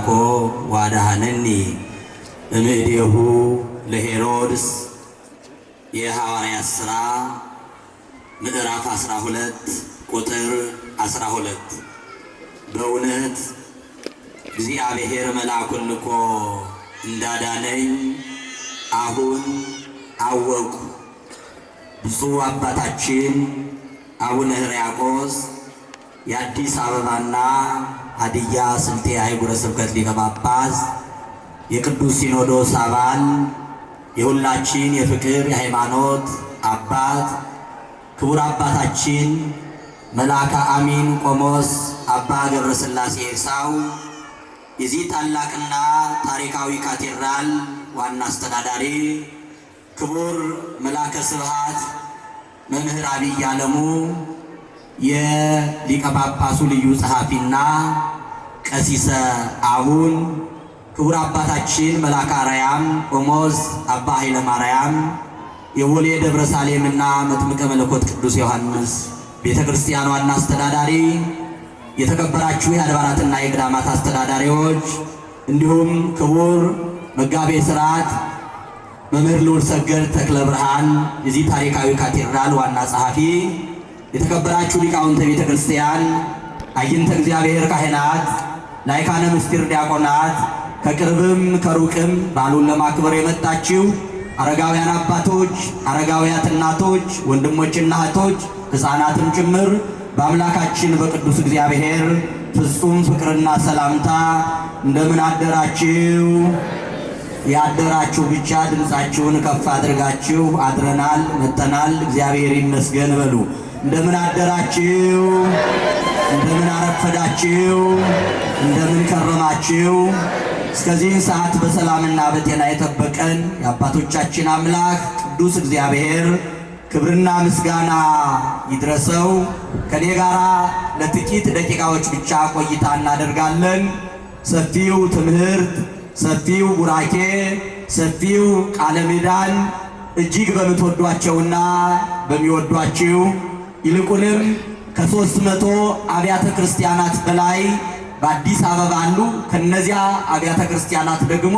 አምላኮ ዋዳህነኒ እምእዴሁ ለሄሮድስ የሐዋርያት ሥራ ምዕራፍ 12 ቁጥር 12 በእውነት እግዚአብሔር መልአኩን ልኮ እንዳዳነኝ አሁን አወቁ። ብፁዕ አባታችን አቡነ ሕርያቆስ የአዲስ አበባና ሀዲያ ስልጤ አህጉረ ስብከት ሊቀ ጳጳስ፣ የቅዱስ ሲኖዶስ አባል፣ የሁላችን የፍቅር የሃይማኖት አባት ክቡር አባታችን መልአከ አሚን ቆሞስ አባ ስላሴ እርሳው የዚህ ታላቅና ታሪካዊ ካቴድራል ዋና አስተዳዳሪ ክቡር መልአከ ስብሐት መምህር አብይ አለሙ የሊቀ ጳጳሱ ልዩ ጸሐፊና ቀሲሰ አሁን ክቡር አባታችን መልአከ አርያም ቆሞስ አባ ኃይለ ማርያም የቦሌ ደብረ ሳሌምና መጥምቀ መለኮት ቅዱስ ዮሐንስ ቤተ ክርስቲያን ዋና አስተዳዳሪ፣ የተከበራችሁ የአድባራትና የገዳማት አስተዳዳሪዎች፣ እንዲሁም ክቡር መጋቤ ሥርዓት መምህር ልዑል ሰገድ ተክለ ብርሃን የዚህ ታሪካዊ ካቴድራል ዋና ጸሐፊ የተከበራችሁ ሊቃውንተ ቤተ ክርስቲያን፣ አይንተ እግዚአብሔር ካህናት፣ ላይካነ ምስጢር ዲያቆናት፣ ከቅርብም ከሩቅም በዓሉን ለማክበር የመጣችው አረጋውያን አባቶች፣ አረጋውያት እናቶች፣ ወንድሞችና እህቶች፣ ሕፃናትም ጭምር በአምላካችን በቅዱስ እግዚአብሔር ፍጹም ፍቅርና ሰላምታ እንደምን አደራችሁ? ያደራችሁ ብቻ ድምፃችሁን ከፍ አድርጋችሁ አድረናል፣ መጥተናል፣ እግዚአብሔር ይመስገን በሉ። እንደምን አደራችሁ? እንደምን አረፈዳችሁ? እንደምን ከረማችሁ? እስከዚህን ሰዓት በሰላምና በጤና የጠበቀን የአባቶቻችን አምላክ ቅዱስ እግዚአብሔር ክብርና ምስጋና ይድረሰው። ከኔ ጋር ለጥቂት ደቂቃዎች ብቻ ቆይታ እናደርጋለን። ሰፊው ትምህርት፣ ሰፊው ቡራኬ፣ ሰፊው ቃለ ምዕዳን እጅግ በምትወዷቸውና በሚወዷችው። ይልቁንም ከሶስት መቶ አብያተ ክርስቲያናት በላይ በአዲስ አበባ አሉ። ከነዚያ አብያተ ክርስቲያናት ደግሞ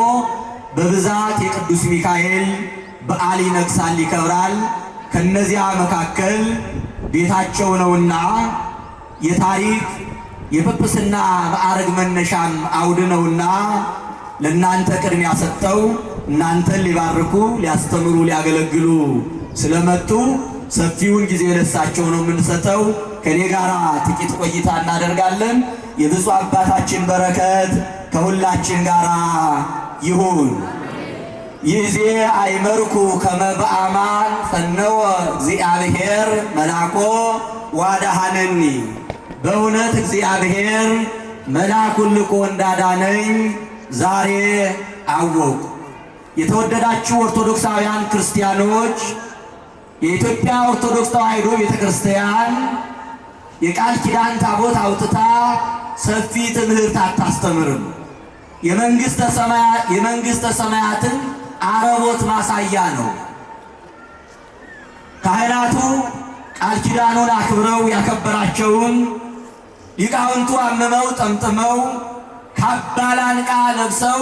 በብዛት የቅዱስ ሚካኤል በዓል ይነግሳል፣ ይከብራል። ከነዚያ መካከል ቤታቸው ነውና የታሪክ የጵጵስና ማዕረግ መነሻም አውድ ነውና ለእናንተ ቅድሚያ ሰጠው እናንተን ሊባርኩ ሊያስተምሩ ሊያገለግሉ ስለመጡ ሰፊውን ጊዜ ለሳቸው ነው የምንሰጠው። ከኔ ጋር ጥቂት ቆይታ እናደርጋለን። የብፁዕ አባታችን በረከት ከሁላችን ጋር ይሁን። ይዜ አይመርኩ ከመበአማን ፈነወ እግዚአብሔር መላኮ ዋዳሃነኒ። በእውነት እግዚአብሔር መላኩን ልኮ እንዳዳነኝ ዛሬ አወቁ። የተወደዳችሁ ኦርቶዶክሳውያን ክርስቲያኖች የኢትዮጵያ ኦርቶዶክስ ተዋሕዶ ቤተክርስቲያን የቃል ኪዳን ታቦት አውጥታ ሰፊ ትምህርት አታስተምርም። የመንግሥተ ሰማያትን አረቦት ማሳያ ነው። ካህናቱ ቃል ኪዳኑን አክብረው ያከበራቸውን ሊቃውንቱ አምመው ጠምጥመው ካባ ለብሰው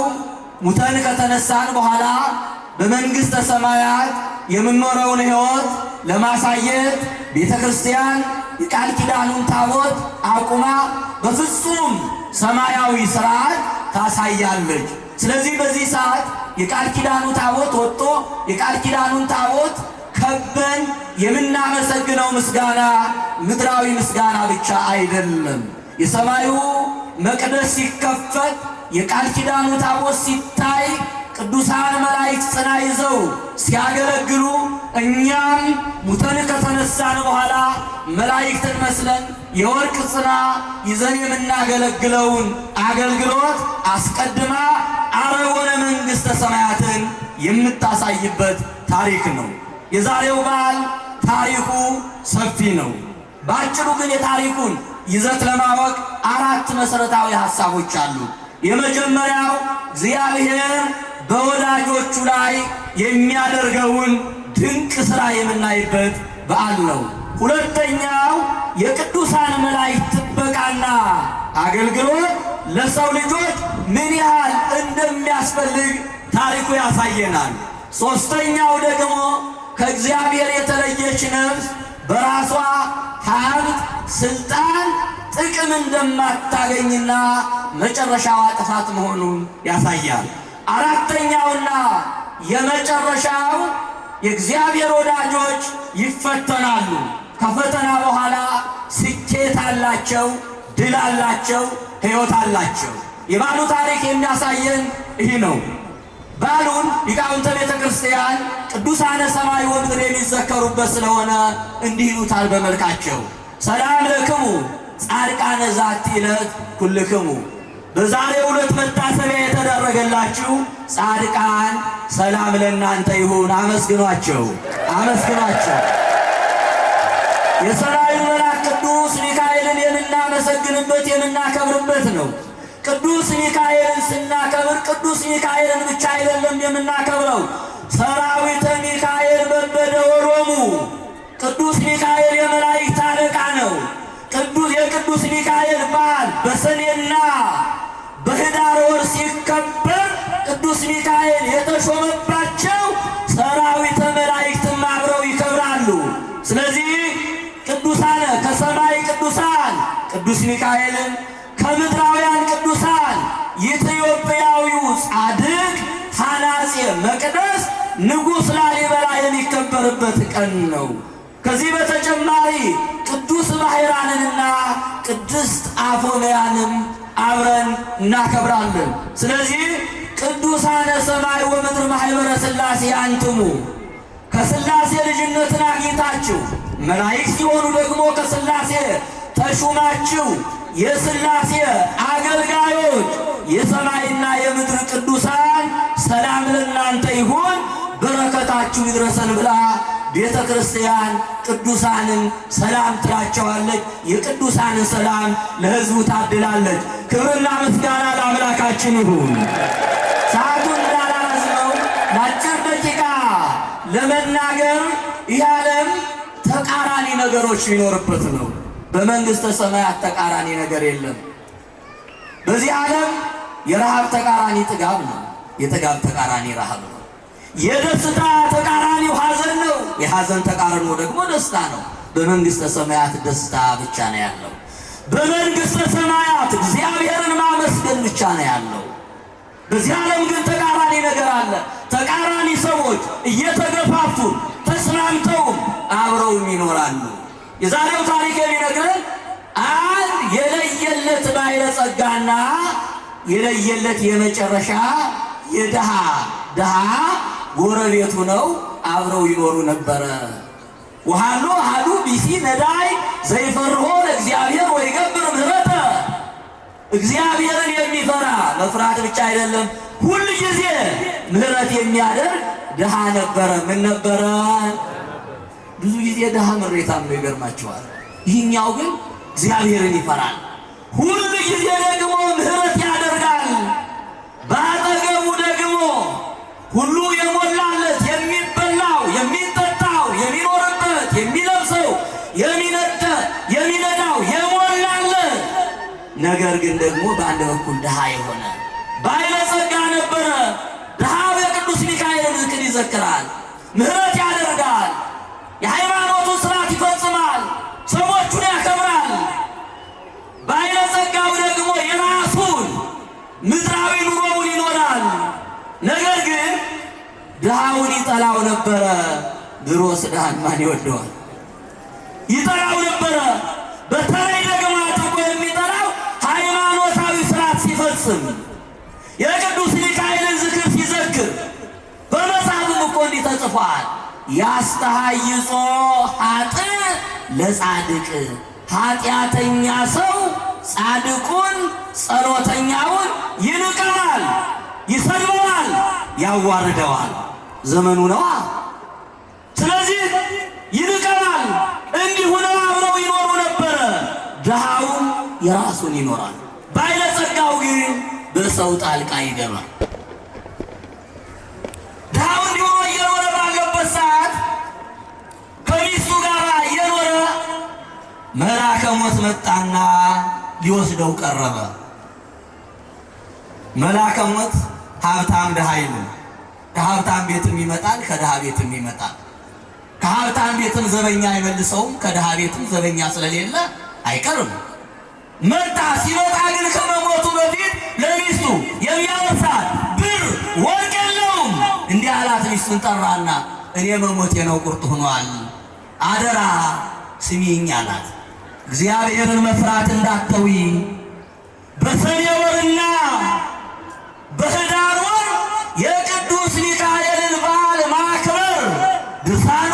ሙተን ከተነሳን በኋላ በመንግሥተ ሰማያት የምንኖረውን ሕይወት ለማሳየት ቤተ ክርስቲያን የቃል ኪዳኑን ታቦት አቁማ በፍጹም ሰማያዊ ስርዓት ታሳያለች። ስለዚህ በዚህ ሰዓት የቃል ኪዳኑ ታቦት ወጥቶ የቃል ኪዳኑን ታቦት ከበን የምናመሰግነው ምስጋና ምድራዊ ምስጋና ብቻ አይደለም። የሰማዩ መቅደስ ሲከፈት የቃል ኪዳኑ ታቦት ሲታይ ቅዱሳን መላእክት ጽና ይዘው ሲያገለግሉ እኛም ሙተን ከተነሳን በኋላ መላእክትን መስለን የወርቅ ጽና ይዘን የምናገለግለውን አገልግሎት አስቀድማ አረወነ መንግሥተ ሰማያትን የምታሳይበት ታሪክ ነው። የዛሬው በዓል ታሪኩ ሰፊ ነው። በአጭሩ ግን የታሪኩን ይዘት ለማወቅ አራት መሠረታዊ ሐሳቦች አሉ። የመጀመሪያው እግዚአብሔር በወዳጆቹ ላይ የሚያደርገውን ድንቅ ሥራ የምናይበት በዓል ነው። ሁለተኛው የቅዱሳን መላእክት ጥበቃና አገልግሎት ለሰው ልጆች ምን ያህል እንደሚያስፈልግ ታሪኩ ያሳየናል። ሦስተኛው ደግሞ ከእግዚአብሔር የተለየች ነፍስ በራሷ ሀብት፣ ስልጣን፣ ጥቅም እንደማታገኝና መጨረሻዋ ጥፋት መሆኑን ያሳያል። አራተኛውና የመጨረሻው የእግዚአብሔር ወዳጆች ይፈተናሉ። ከፈተና በኋላ ስኬት አላቸው፣ ድል አላቸው፣ ሕይወት አላቸው። የባሉ ታሪክ የሚያሳየን ይህ ነው። ባሉን ሊቃውንተ ቤተ ክርስቲያን ቅዱሳነ ሰማይ ወምድር የሚዘከሩበት ስለሆነ እንዲህ ይሉታል በመልካቸው ሰላም ለክሙ ጻድቃነ ዛቲ ዕለት ኩልክሙ በዛሬ ዕለት መታሰቢያ የተደረገላችሁ ጻድቃን ሰላም ለእናንተ ይሁን፣ አመስግኗቸው፣ አመስግኗቸው። የሰራዊት መልአክ ቅዱስ ሚካኤልን የምናመሰግንበት የምናከብርበት ነው። ቅዱስ ሚካኤልን ስናከብር ቅዱስ ሚካኤልን ብቻ አይደለም የምናከብረው፣ ሰራዊተ ሚካኤል በበደ ወሮሙ ቅዱስ ሚካኤል የመላእክት አለቃ ነው። ቅዱስ የቅዱስ ሚካኤል በዓል በሰኔና በህዳር ወር ሲከበር ቅዱስ ሚካኤል የተሾመባቸው ሰራዊተ መላእክትም አብረው ይከብራሉ። ስለዚህ ቅዱሳነ ከሰማይ ቅዱሳን ቅዱስ ሚካኤልን ከምድራውያን ቅዱሳን ኢትዮጵያዊው ጻድቅ ሐናጼ መቅደስ ንጉሥ ላሊበላ የሚከበርበት ቀን ነው። ከዚህ በተጨማሪ ቅዱስ ማሄራንንና ቅድስት አፎልያንም አብረን እናከብራለን። ስለዚህ ቅዱሳነ ሰማይ ወምድር ማኅበረ ሥላሴ አንትሙ ከሥላሴ ልጅነትን አግኝታችሁ መላእክት ሲሆኑ ደግሞ ከሥላሴ ተሹማችሁ የሥላሴ አገልጋዮች የሰማይና የምድር ቅዱሳን ሰላም ለእናንተ ይሁን፣ በረከታችሁ ይድረሰን ብላ ቤተ ክርስቲያን ቅዱሳንን ሰላም ትላቸዋለች። የቅዱሳንን ሰላም ለሕዝቡ ታድላለች። ክብርና ምስጋና ለአምላካችን ይሁን። ሰዓቱን እንዳላረዝመው ለአጭር ደቂቃ ለመናገር ይህ ዓለም ተቃራኒ ነገሮች ሊኖርበት ነው። በመንግሥተ ሰማያት ተቃራኒ ነገር የለም። በዚህ ዓለም የረሃብ ተቃራኒ ጥጋብ ነው። የጥጋብ ተቃራኒ ረሃብ ነው። የደስታ ተቃራኒ ተቃራኒው ሐዘን ነው። የሐዘን ተቃርኖ ደግሞ ደስታ ነው። በመንግሥተ ሰማያት ደስታ ብቻ ነው ያለው። በመንግሥተ ሰማያት እግዚአብሔርን ማመስገን ብቻ ነው ያለው። በዚህ ዓለም ግን ተቃራኒ ነገር አለ። ተቃራኒ ሰዎች እየተገፋፉ ተስማምተውም አብረውም ይኖራሉ። የዛሬው ታሪክ የሚነግረን አንድ የለየለት ባለጸጋና የለየለት የመጨረሻ የድሃ ድሃ ጎረቤቱ ነው። አብረው ይኖሩ ነበረ። ወሃሎ አሐዱ ቢሲ ነዳይ ዘይፈርሆ ለእግዚአብሔር ወይገብር ምህረተ። እግዚአብሔርን የሚፈራ መፍራት ብቻ አይደለም፣ ሁል ጊዜ ምህረት የሚያደርግ ድሃ ነበረ። ምን ነበረ? ብዙ ጊዜ ድሃ ምሬታም ነው፣ ይገርማቸዋል። ይህኛው ግን እግዚአብሔርን ይፈራል። ሁል ጊዜ ደግሞ ምህረት ያደርጋል። በአጠገቡ ደግሞ ሁሉ ነገር ግን ደግሞ በአንድ በኩል ድሃ የሆነ ባለጸጋ ነበረ። ድሃ በቅዱስ ሚካኤል ዝክር ይዘክራል፣ ምሕረት ያደርጋል፣ የሃይማኖቱ ስርዓት ይፈጽማል፣ ሰዎቹን ያከብራል። ባለጸጋው ደግሞ የራሱን ምድራዊ ኑሮውን ይኖራል። ነገር ግን ድሃውን ይጠላው ነበረ። ድሮስ ድሃን ማን ይወደዋል? ስም የቅዱስ ሚካኤልን ዝክር ሲዘክር በመጽሐፍም እኮ እንዲህ ተጽፏል። ያስተሃይጾ ሀጥ ለጻድቅ ኃጢአተኛ ሰው ጻድቁን ጸሎተኛውን ይንቀዋል፣ ይሰድበዋል፣ ያዋርደዋል። ዘመኑ ነዋ። ስለዚህ ይንቀዋል። እንዲሁ ነው አብረው ይኖሩ ነበረ። ድሃውም የራሱን ይኖራል ባለጸጋው ግን በሰው ጣልቃ ይገባል። ድሃው እንዲሆ እየኖረ ባለበት ሰዓት ከሚስቱ ጋር እየኖረ መልአከ ሞት መጣና ሊወስደው ቀረበ። መልአከ ሞት ሀብታም ድሃ ይሉን ከሀብታም ቤትም ይመጣል፣ ከድሃ ቤትም ይመጣል። ከሀብታም ቤትም ዘበኛ አይመልሰውም፣ ከድሃ ቤትም ዘበኛ ስለሌለ አይቀርም። መርጣ ሲወጣ ግን ከመሞቱ በፊት ለሚስቱ የሚያወሳት ብር ወርቅ የለውም። እንዲህ አላት። ሚስቱን ጠራና እኔ መሞቴ ነው ቁርጥ ሆኗል፣ አደራ ስሚኝ አላት። እግዚአብሔርን መፍራት እንዳተዊ በሰኔ ወርና በህዳር ወር የቅዱስ ሚካኤልን በዓል ማክበር ድርሳን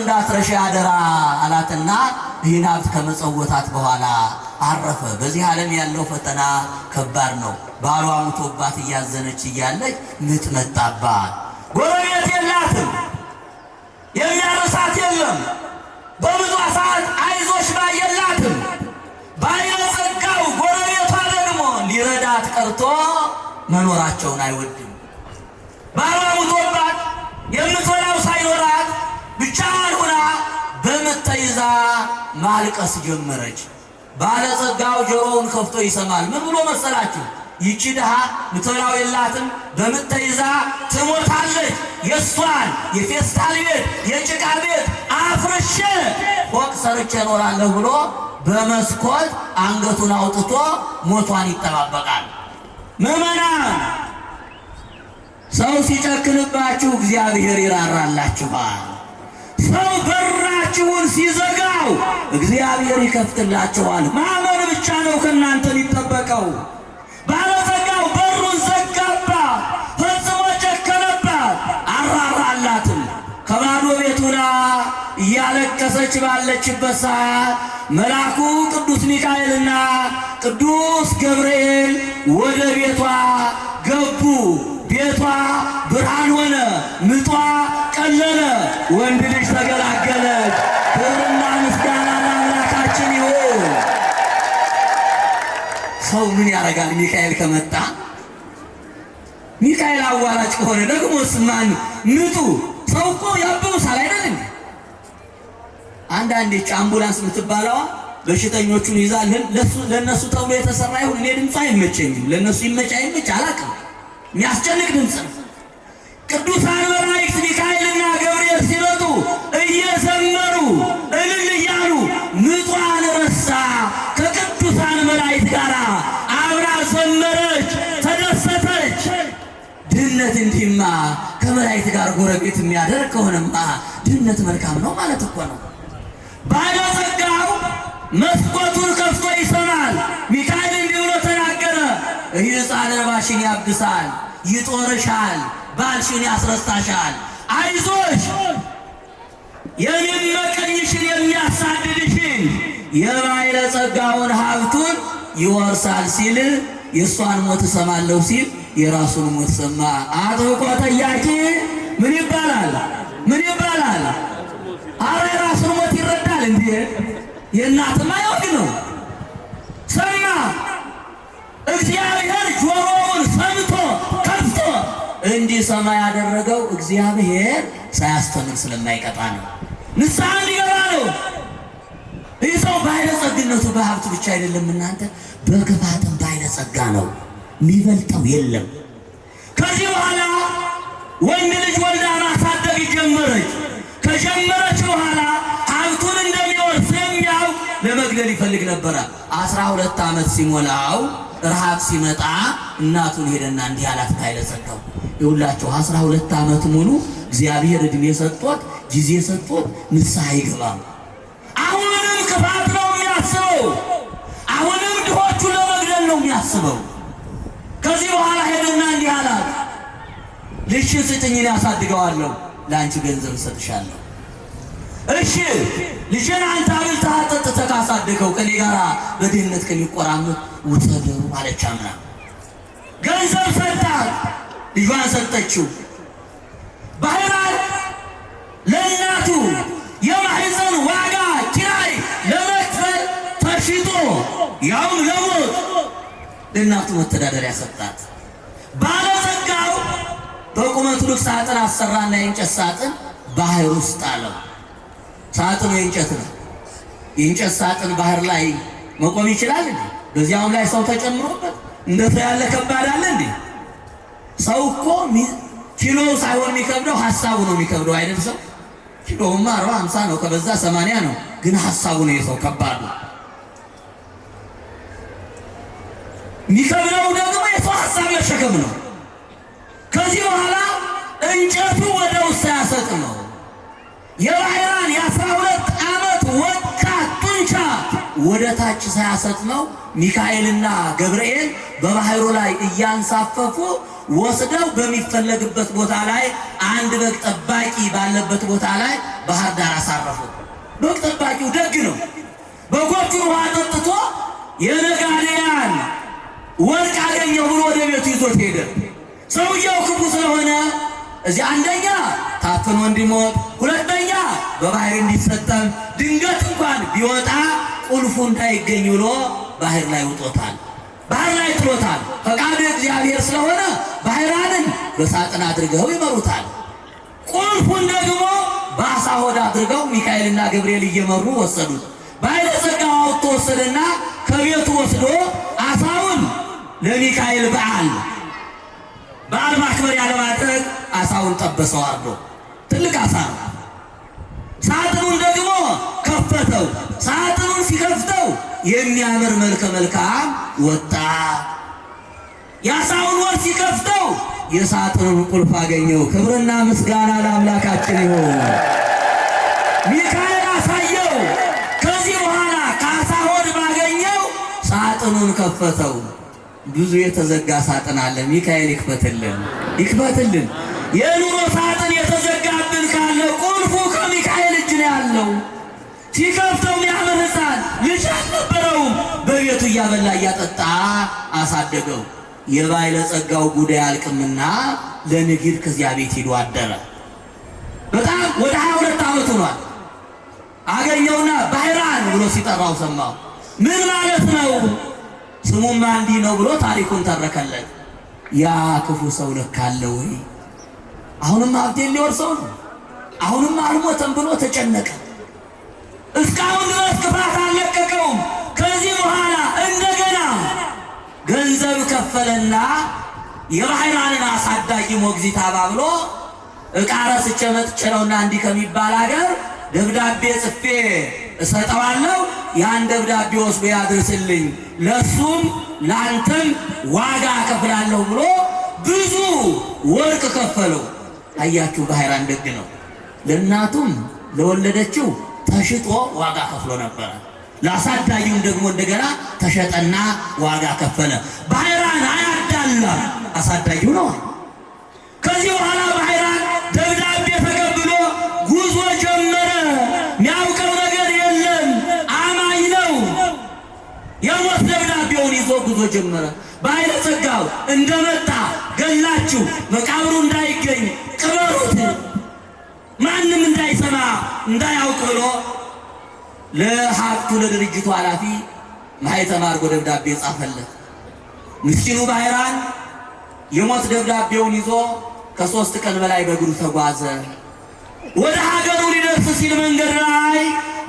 እንዳትረሺ ያደራ አላትና ይህን ሀብት ከመጸወታት በኋላ አረፈ። በዚህ ዓለም ያለው ፈተና ከባድ ነው። ባሏ ሙቶባት እያዘነች እያለች ምጥ መጣባት። ጎረቤት የላትም፣ የሚያረሳት የለም። በብዙ ሰዓት አይዞሽ ባይ የላትም። ባይነ ጸጋው ጎረቤቷ ደግሞ ሊረዳት ቀርቶ መኖራቸውን አይወድም። ባሏ ሙቶባት የምትበላው ሳይኖራት ብቻዋን ሆና በምተይዛ ማልቀስ ጀመረች። ባለጸጋው ጆሮውን ከፍቶ ይሰማል። ምን ብሎ መሰላችሁ? ይቺ ድሃ ምትበላው የላትም፣ በምተይዛ ትሞታለች። የእሷን የፌስታል ቤት የጭቃ ቤት አፍርሼ ፎቅ ሰርቼ እኖራለሁ ብሎ በመስኮት አንገቱን አውጥቶ ሞቷን ይጠባበቃል። ምዕመናን ሰው ሲጨክንባችሁ እግዚአብሔር ይራራላችኋል። ሰው በራችሁን ሲዘጋው እግዚአብሔር ይከፍትላችኋል። ማመን ብቻ ነው ከእናንተ የሚጠበቀው። ባለጸጋው በሩን ዘጋባ፣ ፈጽሞ ጨከነባት፣ አራራላትም። ከባዶ ቤቱና እያለቀሰች ባለችበት ሰዓት መልአኩ ቅዱስ ሚካኤልና ቅዱስ ገብርኤል ወደ ቤቷ ገቡ። ቤቷ ብርሃን ሆነ፣ ምጧ ቀለለ፣ ወንድ ልጅ ተገላገለች። ክብርና ምስጋና ለአምላካችን ይሁን። ሰው ምን ያደርጋል? ሚካኤል ከመጣ ሚካኤል አዋራጭ ከሆነ ደግሞ ስማን ምጡ ሰው እኮ ያበውሳል አይደል? አንዳንዴ አምቡላንስ የምትባለዋ በሽተኞቹን ይዛልን ለእነሱ ተብሎ የተሰራ ይሁን እኔ ድምፅ አይመቸኝም። ለእነሱ ይመች አይመች አላውቅም። የሚያስጨንቅ ድምፅ ነው። ቅዱሳን መላእክት ሚካኤልና ገብርኤል ሲመጡ እየዘመሩ እልል እያሉ ምጧን ረሳ ከቅዱሳን መላእክት ጋር አብራ ዘመረች፣ ተደሰተች። ድነት እንዲማ ከመላእክት ጋር ጎረቤት የሚያደርግ ከሆነማ ድህነት መልካም ነው ማለት እኮ ነው። ባለጸጋው መስኮቱን ከፍቶ ይሰማል ሚካኤል ይህ ሕፃን እባሽን ያግሳል፣ ይጦርሻል፣ ባልሽን ያስረሳሻል። አይዞሽ የሚመቀኝሽን የሚያሳድድሽን የባይለ ጸጋውን ሀብቱን ይወርሳል ሲል የእሷን ሞት እሰማለሁ ሲል የራሱን ሞት ሰማ። አጥብቆ ጠያቂ ምን ይባላል? ምን ይባላል? አረ የራሱን ሞት ይረዳል እንዴ? የእናትማ የወግ ነው ሰማ እግዚአብሔር ጆሮውን ሰምቶ ከፍቶ እንዲሰማ ያደረገው እግዚአብሔር ሳያስተምር ስለማይቀጣ ነው። ንስሐ እንዲገባ ነው። ይህ ሰው ባይለጸግነቱ በሀብት ብቻ አይደለም እናንተ፣ በክፋትም ባይለጸጋ ነው። የሚበልጠው የለም። ከዚህ በኋላ ወንድ ልጅ ይፈልግ ነበረ። አስራ ሁለት ዓመት ሲሞላው ረሃብ ሲመጣ እናቱን ሄደና እንዲህ አላት። ኃይለ ጸጋው ይውላችሁ አስራ ሁለት ዓመት ሙሉ እግዚአብሔር እድሜ ሰጥቶት ጊዜ ሰጥቶት ንስሐ ይገባም። አሁንም ክፋት ነው የሚያስበው። አሁንም ድሆቹ ለመግደል ነው የሚያስበው። ከዚህ በኋላ ሄደና እንዲህ አላት፣ ልጅሽን ስጭኝን ያሳድገዋለሁ፣ ለአንቺ ገንዘብ እሰጥሻለሁ እሺ ልጄን አንተ አብልተህ አጠጥተህ ካሳደገው ከኔ ጋር በድህነት ከሚቆራምት ውሰደው አለች። አምና ገንዘብ ሰጣት፣ ልጇን ሰጠችው። ባህራት ለእናቱ የማሕፀን ዋጋ ኪራይ ለመክፈል ተሽጦ ያውም ለሞት ለእናቱ መተዳደሪያ ሰጣት። ባለጸጋው በቁመቱ ልክ ሳጥን አሰራና የእንጨት ሳጥን ባህር ውስጥ አለው። ሳጥኑ የእንጨት ነው። የእንጨት ሳጥን ባህር ላይ መቆም ይችላል እንዴ? በዚያውም ላይ ሰው ተጨምሮበት እንደ ሰው ያለ ከባድ አለ እንዴ? ሰው እኮ ኪሎ ሳይሆን የሚከብደው ሀሳቡ ነው የሚከብደው አይደል? ሰው ኪሎውማ አርባ ሃምሳ ነው ከበዛ ሰማንያ ነው፣ ግን ሀሳቡ ነው የሰው ከባዱ። የሚከብደው ደግሞ የሰው ሀሳብ መሸከም ነው። ከዚህ በኋላ እንጨቱ ወደ ውስጥ ያሰጥ ነው የባህራን የአስራ ሁለት ዓመት ወጣት ጡንቻ ወደ ታች ሳያሰጥመው ሚካኤልና ገብርኤል በባህሩ ላይ እያንሳፈፉ ወስደው በሚፈለግበት ቦታ ላይ አንድ በግ ጠባቂ ባለበት ቦታ ላይ ባህር ዳር አሳረፉት። በግ ጠባቂው ደግ ነው። በጎቹን ውሃ ጠጥቶ የነጋዴያን ወርቅ አገኘው ብሎ ወደ ቤቱ ይዞት ሄደ። ሰውየው ክፉ ስለሆነ እዚህ አንደኛ ታፍኖ እንዲሞት፣ ሁለተኛ በባህር እንዲሰጠም ድንገት እንኳን ቢወጣ ቁልፉ እንዳይገኝ ብሎ ባህር ላይ ውጦታል። ባህር ላይ ጥሎታል። ፈቃዱ እግዚአብሔር ስለሆነ ባህራንን በሳጥን አድርገው ይመሩታል። ቁልፉን ደግሞ በአሳ ሆድ አድርገው ሚካኤልና ገብርኤል እየመሩ ወሰዱት። ባሕረ አውጥቶ ወሰደና ከቤቱ ወስዶ አሳውን ለሚካኤል በዓል በዓል ማክበሪያ ለማድረግ አሳውን ጠበሰው አርዶ ትልቅ አሳ ነው። ሳጥኑን ደግሞ ከፈተው። ሳጥኑን ሲከፍተው የሚያምር መልከ መልካም ወጣ። የአሳውን ወር ሲከፍተው የሳጥኑን ቁልፍ አገኘው። ክብርና ምስጋና ለአምላካችን ይሁን። ሚካኤል አሳየው። ከዚህ በኋላ ከአሳ ሆድ ባገኘው ሳጥኑን ከፈተው። ብዙ የተዘጋ ሳጥን አለ። ሚካኤል ይክፈትልን፣ ይክፈትልን የኑሮ ሳጥን ያለው ሲከፍተው የሚያምር ሕፃን ልጅ አልነበረውም። በቤቱ እያበላ እያጠጣ አሳደገው። የባለጸጋው ጉዳይ አልቅምና ለንግድ ከዚያ ቤት ሂዶ አደረ። በጣም ወደ ሀያ ሁለት ዓመት ሆኗል። አገኘውና ባይራን ብሎ ሲጠራው ሰማው። ምን ማለት ነው? ስሙም አንዲ ነው ብሎ ታሪኩን ተረከለት። ያ ክፉ ሰው ለካ አለ ወይ? አሁንም ሀብቴን ሊወርሰው ነው አሁንም አልሞተም ብሎ ተጨነቀ። እስካሁን ድረስ ክፋት አልለቀቀውም። ከዚህ በኋላ እንደገና ገንዘብ ከፈለና የባህራንን አሳዳጊ ሞግዚት አባ ብሎ ረስቼ መጥቼ ነውና እንዲህ ከሚባል አገር ደብዳቤ ጽፌ እሰጠዋለሁ። ያን ደብዳቤ ወስዶ ያድርስልኝ፣ ለሱም ለአንተም ዋጋ ከፍላለሁ ብሎ ብዙ ወርቅ ከፈለው። አያችሁ፣ ባህራን ደግ ነው። ለእናቱም ለወለደችው ተሽጦ ዋጋ ከፍሎ ነበረ። ላሳዳዩም ደግሞ እንደገና ተሸጠና ዋጋ ከፈለ። ባህራን አያዳላ አሳዳጊው ነው። ከዚህ በኋላ ባህራን ደብዳቤ ተቀብሎ ጉዞ ጀመረ። የሚያውቀው ነገር የለም፣ አማኝ ነው። የሞት ደብዳቤውን ይዞ ጉዞ ጀመረ። ባይረ ጸጋው እንደመጣ ገላችሁ፣ መቃብሩ እንዳይገኝ ቅበሩት ማንም እንዳይሰማ እንዳያውቅ ብሎ ለሀብቱ ለድርጅቱ ኃላፊ ማኅተም አድርጎ ደብዳቤ ጻፈለት። ምስኪኑ ባህራን የሞት ደብዳቤውን ይዞ ከሶስት ቀን በላይ በእግሩ ተጓዘ። ወደ ሀገሩ ሊደርስ ሲል መንገድ ላይ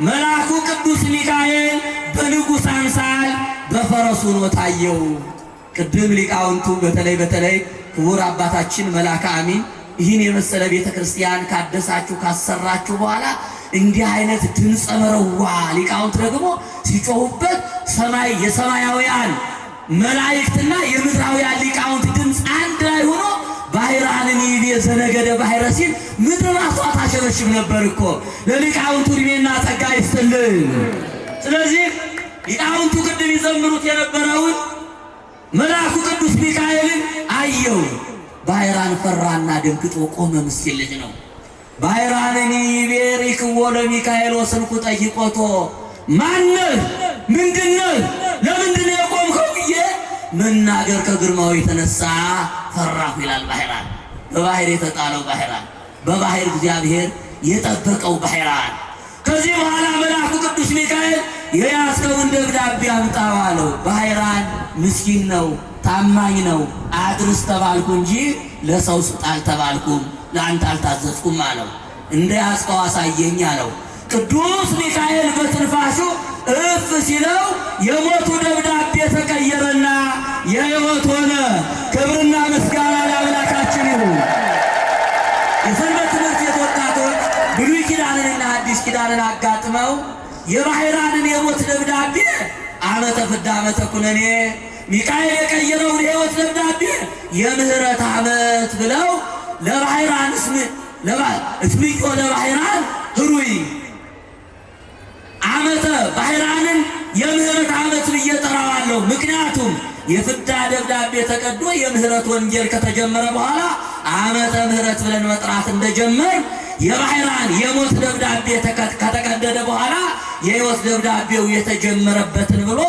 መልአኩ ቅዱስ ሚካኤል በንጉሥ አምሳል በፈረሱ ሆኖ ታየው። ቅድም ሊቃውንቱ በተለይ በተለይ ክቡር አባታችን መልአከ አሚን ይህን የመሰለ ቤተ ክርስቲያን ካደሳችሁ ካሰራችሁ በኋላ እንዲህ አይነት ድምፀ መረዋ ሊቃውንት ደግሞ ሲጮሁበት ሰማይ የሰማያውያን መላእክትና የምድራውያን ሊቃውንት ድምፅ አንድ ላይ ሆኖ ባህራንን ይቤ ዘነገደ ባህረ ሲል ምድር ራሷ ታሸበሽብ ነበር እኮ። ለሊቃውንቱ እድሜና ጸጋ ይስጥልን። ስለዚህ ሊቃውንቱ ቅድም ይዘምሩት የነበረውን መልአኩ ቅዱስ ሚካኤልን አየው። ባይራን ፈራና ደንግጦ ቆመ። ምስኪን ልጅ ነው። ባይራንን ይቤሪክዎ ለሚካኤል ወስልኩ ጠይቆቶ ማነህ? ምንድነህ? ለምንድነው የቆምከው ብዬ መናገር ከግርማው የተነሳ ፈራሁ ይላል ባህራን። በባህር የተጣለው ባህራን፣ በባህር እግዚአብሔር የጠበቀው ባህራን። ከዚህ በኋላ መልአኩ ቅዱስ ሚካኤል የያዝከውን ደብዳቤ አምጣው አለው። ባህራን ምስኪን ነው። ታማኝ ነው አድርስ ተባልኩ እንጂ ለሰው ስጥ አልተባልኩም፣ ለአንተ አልታዘዝኩም አለው። እንደ ያስቀው አሳየኝ አለው። ቅዱስ ሚካኤል በትንፋሹ እፍ ሲለው የሞቱ ደብዳቤ ተቀየረና የሕይወት ሆነ። ክብርና ምስጋና ለአምላካችን ይሁን። የሰንበት ትምህርት ቤት ወጣቶች ብሉይ ኪዳንንና አዲስ ኪዳንን አጋጥመው የባሕራንን የሞት ደብዳቤ ዓመተ ፍዳ ዓመተ ኩነኔ ሚካኤል የቀየረውን ሕይወት ደብዳቤ የምህረት ዓመት ብለው ለባሕራን እስምዮ ለባሕራን ህሩይ ዓመተ ባሕራንን የምህረት ዓመት ብዬ ምክንያቱም የፍዳ ደብዳቤ ተቀዶ የምህረት ወንጌል ከተጀመረ በኋላ ዓመተ ምህረት ብለን መጥራት እንደጀመር የባሕራን የሞት ደብዳቤ ከተቀደደ በኋላ የሕይወት ደብዳቤው የተጀመረበትን ብሎ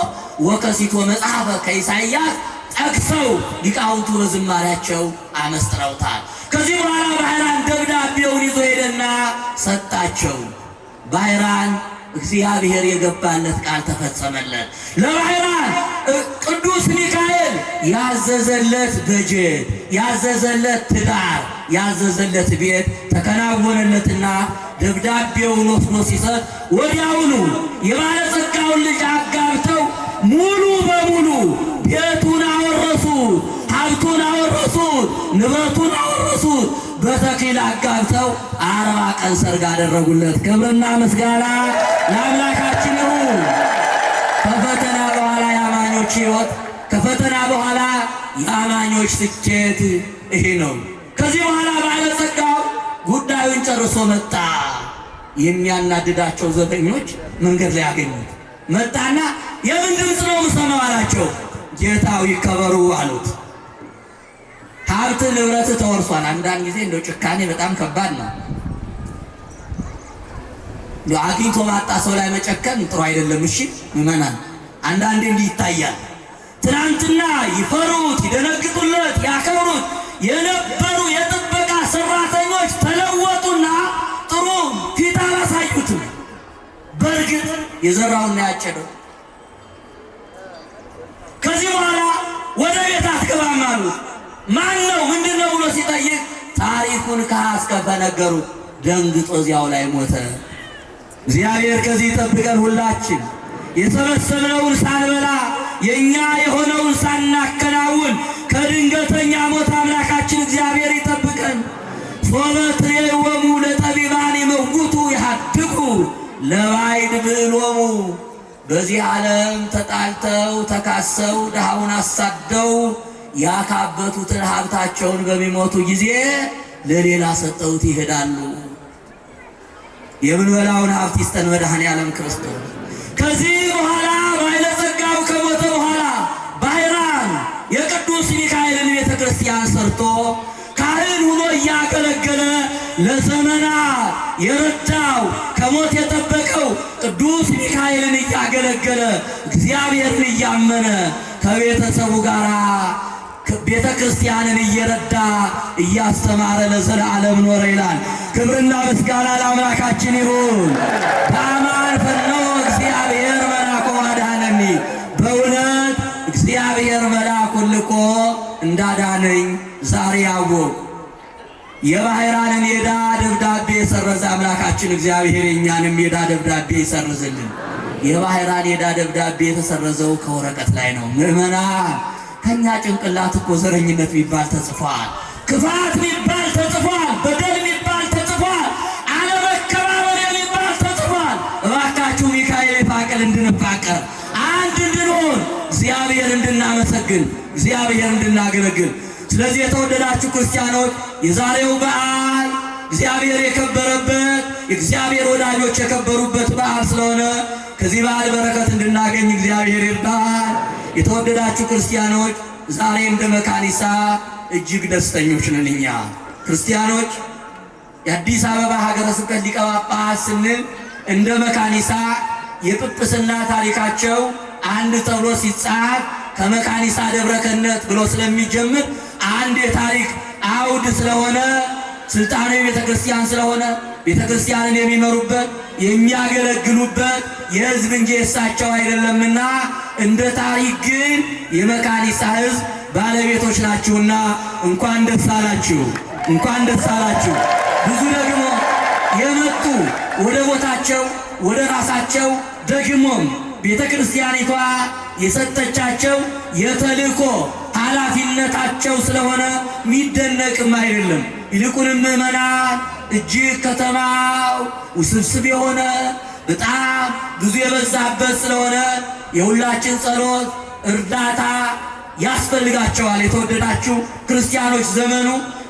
ወከሲቶ መጽሐፈ ከኢሳይያስ ጠቅሰው ሊቃውንቱ በዝማሪያቸው አመስጥረውታል። ከዚህ በኋላ ባህራን ደብዳቤውን ይዞ ሄደና ሰጣቸው ባህራን እግዚአብሔር የገባለት ቃል ተፈጸመለት። ለባህራን ቅዱስ ሚካኤል ያዘዘለት በጀት፣ ያዘዘለት ትዳር፣ ያዘዘለት ቤት ተከናወነለትና ደብዳቤውን ወስዶ ሲሰጥ ወዲያውኑ የባለጸጋውን ልጅ አጋብተው ሙሉ በሙሉ ቤቱን አወረሱት፣ ሀብቱን አወረሱት፣ ንብረቱ በተክሊል አጋብተው አርባ ቀን ሰርግ አደረጉለት። ክብርና ምስጋና ለአምላካችን ይሁን። ከፈተና በኋላ የአማኞች ሕይወት ከፈተና በኋላ የአማኞች ስኬት ይሄ ነው። ከዚህ በኋላ ባለጸጋው ጉዳዩን ጨርሶ መጣ። የሚያናድዳቸው ዘበኞች መንገድ ላይ ያገኙት መጣና የምን ድምፅ ነው የምሰማው አላቸው። ጌታው ይከበሩ አሉት። ሀብት ንብረት ተወርሷል። አንዳንድ ጊዜ እንደ ጭካኔ በጣም ከባድ ነው። አግኝቶ ማጣ ሰው ላይ መጨከን ጥሩ አይደለም። እሺ ይመናል። አንዳንዴ እንዲህ ይታያል። ትናንትና ይፈሩት፣ ይደነግጡለት፣ ያከብሩት የነበሩ የጥበቃ ሰራተኞች ተለወጡና ጥሩ ፊት አላሳዩትም። በእርግጥ የዘራውና ያጨደው ከዚህ በኋላ ወደ ቤት አትገባም አሉት። ማን ነው ምንድን ነው ብሎ ሲጠይቅ ታሪኩን ከአስከ በነገሩት ደንግጦ እዚያው ላይ ሞተ። እግዚአብሔር ከዚህ ይጠብቀን። ሁላችን የሰበሰብነውን ሳንበላ የእኛ የሆነውን ሳናከናውን ከድንገተኛ ሞት አምላካችን እግዚአብሔር ይጠብቀን። ሶበ ትሬወሙ ለጠቢባን የመውቱ ይሃድቁ ለባይድ ብሎሙ በዚህ ዓለም ተጣልተው ተካሰው ድሃውን አሳደው ያካበቱትን ሀብታቸውን በሚሞቱ ጊዜ ለሌላ ሰጠውት ይሄዳሉ። የምንበላውን ሀብት ይስጠን መድኃኔዓለም ክርስቶስ። ከዚህ በኋላ ባለጸጋው ከሞተ በኋላ ባይራን የቅዱስ ሚካኤልን ቤተ ክርስቲያን ሰርቶ ካህን ሆኖ እያገለገለ ለዘመና የረዳው ከሞት የጠበቀው ቅዱስ ሚካኤልን እያገለገለ እግዚአብሔርን እያመነ ከቤተሰቡ ጋር ቤተ ክርስቲያንን እየረዳ እያስተማረ ለዘለዓለም ኖረ ይላል። ክብርና ምስጋና ለአምላካችን ይሁን። ታማን ፈኖ እግዚአብሔር መላኮ አዳነኒ። በእውነት እግዚአብሔር መላኩን ልኮ እንዳዳነኝ ዛሬ አወቅሁ። የባህራንን የዕዳ ደብዳቤ የሰረዘ አምላካችን እግዚአብሔር የእኛንም የዕዳ ደብዳቤ ይሰርዝልን። የባህራን የዕዳ ደብዳቤ የተሰረዘው ከወረቀት ላይ ነው ምዕመናን ከኛ ጭንቅላት እኮ ዘረኝነት የሚባል ተጽፏል። ክፋት የሚባል ተጽፏል። በደል የሚባል ተጽፏል። አለመከባበር ሚባል ተጽፏል። እባካችሁ ሚካኤል የፋቅል እንድንፋቀር፣ አንድ እንድንሆን፣ እግዚአብሔር እንድናመሰግን፣ እግዚአብሔር እንድናገለግል። ስለዚህ የተወደዳችሁ ክርስቲያኖች የዛሬው በዓል እግዚአብሔር የከበረበት እግዚአብሔር ወዳጆች የከበሩበት በዓል ስለሆነ ከዚህ በዓል በረከት እንድናገኝ እግዚአብሔር ይርዳል። የተወደዳችሁ ክርስቲያኖች ዛሬ እንደ መካኒሳ እጅግ ደስተኞች ነን። እኛ ክርስቲያኖች የአዲስ አበባ ሀገረ ስብከት ሊቀ ጳጳስ ስንል እንደ መካኒሳ የጵጵስና ታሪካቸው አንድ ተብሎ ሲጻፍ ከመካኒሳ ደብረ ብሎ ስለሚጀምር አንድ የታሪክ አውድ ስለሆነ ስልጣኔ ቤተክርስቲያን ስለሆነ ቤተክርስቲያንን የሚመሩበት የሚያገለግሉበት የህዝብ እንጂ የእሳቸው አይደለምና እንደ ታሪክ ግን የመካኒሳ ህዝብ ባለቤቶች ናችሁና እንኳን ደስ አላችሁ፣ እንኳን ደስ አላችሁ። ብዙ ደግሞ የመጡ ወደ ቦታቸው ወደ ራሳቸው ደግሞም ቤተ ክርስቲያኒቷ የሰጠቻቸው የተልእኮ ኃላፊነታቸው ስለሆነ የሚደነቅም አይደለም። ይልቁንም ምዕመናን እጅግ ከተማው ውስብስብ የሆነ በጣም ብዙ የበዛበት ስለሆነ የሁላችን ጸሎት እርዳታ ያስፈልጋቸዋል። የተወደዳችሁ ክርስቲያኖች ዘመኑ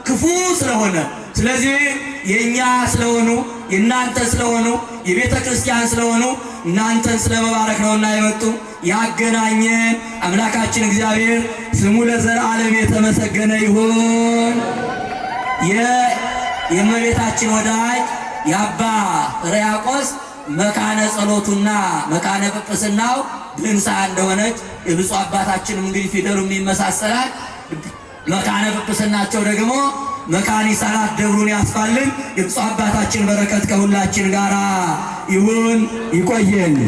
ክፉ ስለሆነ ስለዚህ የእኛ ስለሆኑ የእናንተ ስለሆኑ የቤተ ክርስቲያን ስለሆኑ እናንተን ስለመባረክ ነውና የመጡ ያገናኘን አምላካችን እግዚአብሔር ስሙ ለዘላለም የተመሰገነ ይሁን። የእመቤታችን ወዳጅ የአባ ሕርያቆስ መካነ ጸሎቱና መካነ ጵጵስናው ድንሳ እንደሆነች የብፁዕ አባታችንም እንግዲህ ፊደሉም ይመሳሰላል። መካነ ጵጵስናቸው ደግሞ መካኒ ሰላት ደብሩን ያስፋልን። የብፁዕ አባታችን በረከት ከሁላችን ጋራ ይሁን። ይቆየን።